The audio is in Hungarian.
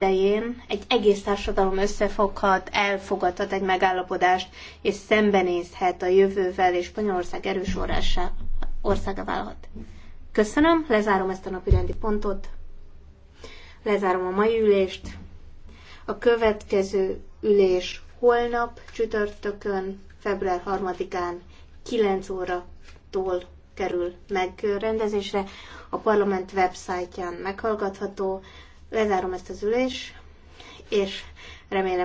idején egy egész társadalom összefoghat, elfogadhat egy megállapodást, és szembenézhet a jövővel, és Spanyolország erős orrása, országa válhat. Köszönöm, lezárom ezt a napi rendi pontot, lezárom a mai ülést. A következő ülés holnap, csütörtökön, február 3-án 9 óratól kerül megrendezésre. A parlament websájtján meghallgatható Lezárom ezt az ülés, és remélem